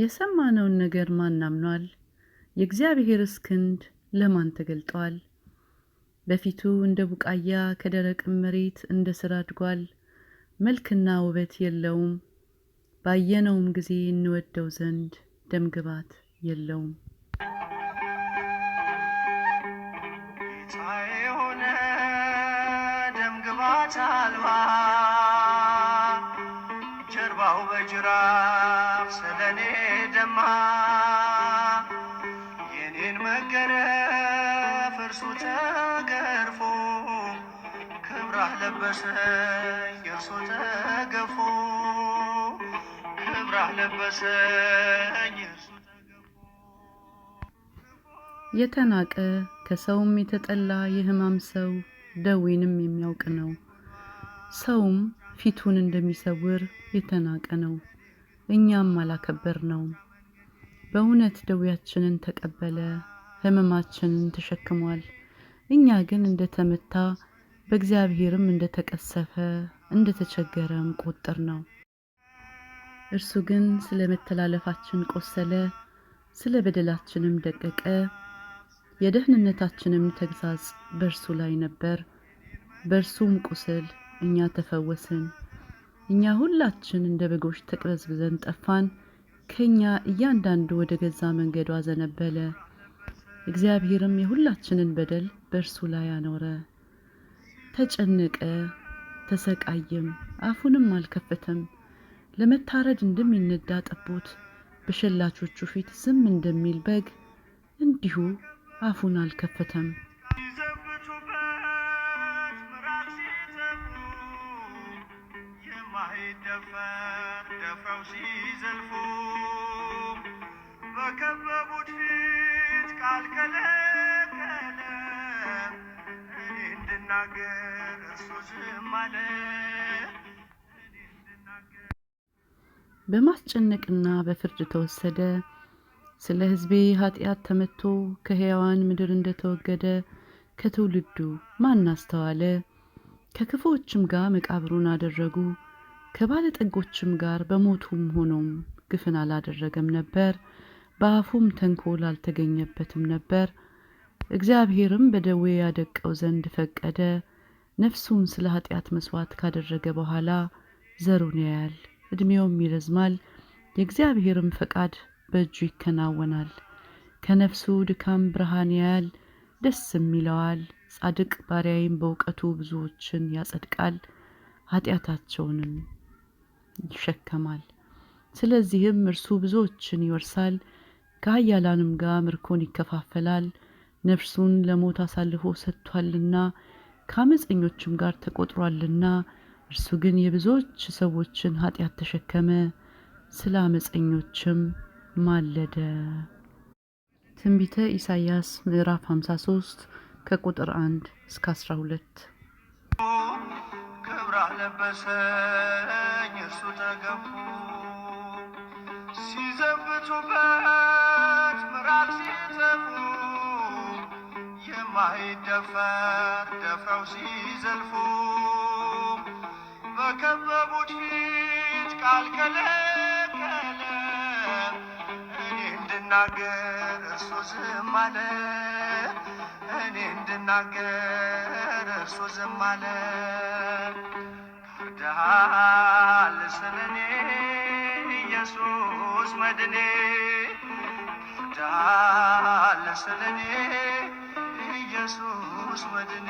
የሰማነውን ነገር ማን አምኗል? የእግዚአብሔርስ ክንድ ለማን ተገልጧል? በፊቱ እንደ ቡቃያ ከደረቅ መሬት እንደ ስር አድጓል። መልክና ውበት የለውም፣ ባየነውም ጊዜ እንወደው ዘንድ ደምግባት የለውም። የሆነ ደምግባት አልባ ጅራፍ ስለኔ ደማ የኔን መገረፍ እርሱ ተገርፎ ክብራህ ለበሰኝ እርሱ ተገፎ ክብራህ ለበሰኝ የተናቀ ከሰውም የተጠላ የሕማም ሰው ደዌንም የሚያውቅ ነው። ሰውም ፊቱን እንደሚሰውር የተናቀ ነው። እኛም አላከበር ነው። በእውነት ደዌያችንን ተቀበለ፣ ሕመማችንን ተሸክሟል። እኛ ግን እንደተመታ በእግዚአብሔርም እንደተቀሰፈ እንደተቸገረም ቆጠር ነው። እርሱ ግን ስለ መተላለፋችን ቆሰለ፣ ስለ በደላችንም ደቀቀ። የደህንነታችንም ተግሣጽ በእርሱ ላይ ነበር፣ በእርሱም ቁስል እኛ ተፈወስን። እኛ ሁላችን እንደ በጎች ተቅበዝብዘን ጠፋን። ከእኛ እያንዳንዱ ወደ ገዛ መንገዱ አዘነበለ። እግዚአብሔርም የሁላችንን በደል በእርሱ ላይ አኖረ። ተጨነቀ፣ ተሰቃየም፣ አፉንም አልከፈተም። ለመታረድ እንደሚነዳ ጠቦት፣ በሸላቾቹ ፊት ዝም እንደሚል በግ እንዲሁ አፉን አልከፈተም። ማይደፈር ደፍረው ሲዘልፉ በከበቡት ፊት ቃል ከለከለ። እኔ እንድናገር እርሱ ዝም አለ። በማስጨነቅና በፍርድ ተወሰደ። ስለ ሕዝቤ ኃጢአት ተመትቶ ከሕያዋን ምድር እንደተወገደ ከትውልዱ ማን አስተዋለ? ከክፉዎችም ጋር መቃብሩን አደረጉ። ከባለጠጎችም ጋር በሞቱም ሆኖም ግፍን አላደረገም ነበር፣ በአፉም ተንኮል አልተገኘበትም ነበር። እግዚአብሔርም በደዌ ያደቀው ዘንድ ፈቀደ። ነፍሱን ስለ ኃጢአት መስዋዕት ካደረገ በኋላ ዘሩን ያያል፣ ዕድሜውም ይረዝማል፣ የእግዚአብሔርም ፈቃድ በእጁ ይከናወናል። ከነፍሱ ድካም ብርሃን ያያል፣ ደስም ይለዋል። ጻድቅ ባሪያይም በእውቀቱ ብዙዎችን ያጸድቃል፣ ኃጢአታቸውንም ይሸከማል። ስለዚህም እርሱ ብዙዎችን ይወርሳል፣ ከኃያላንም ጋር ምርኮን ይከፋፈላል። ነፍሱን ለሞት አሳልፎ ሰጥቷልና ከአመፀኞችም ጋር ተቆጥሯልና። እርሱ ግን የብዙዎች ሰዎችን ኃጢአት ተሸከመ፣ ስለ አመፀኞችም ማለደ። ትንቢተ ኢሳይያስ ምዕራፍ 53 ከቁጥር 1 እስከ 12 ብራህ ለበሰኝ እርሱ ተገፉ ሲዘብቱበት ምራቅ ሲዘፉ የማይደፈር ደፍረው ሲዘልፉ በከበቡት ፊት ቃል ከለከለ እኔ እንድናገር እርሱ ዝም አለ እኔ እንድናገር እርሱ ዝም አለ። ፈርደሃል ስለኔ ኢየሱስ መድኔ፣ ፈርደሃል ስለኔ ኢየሱስ መድኔ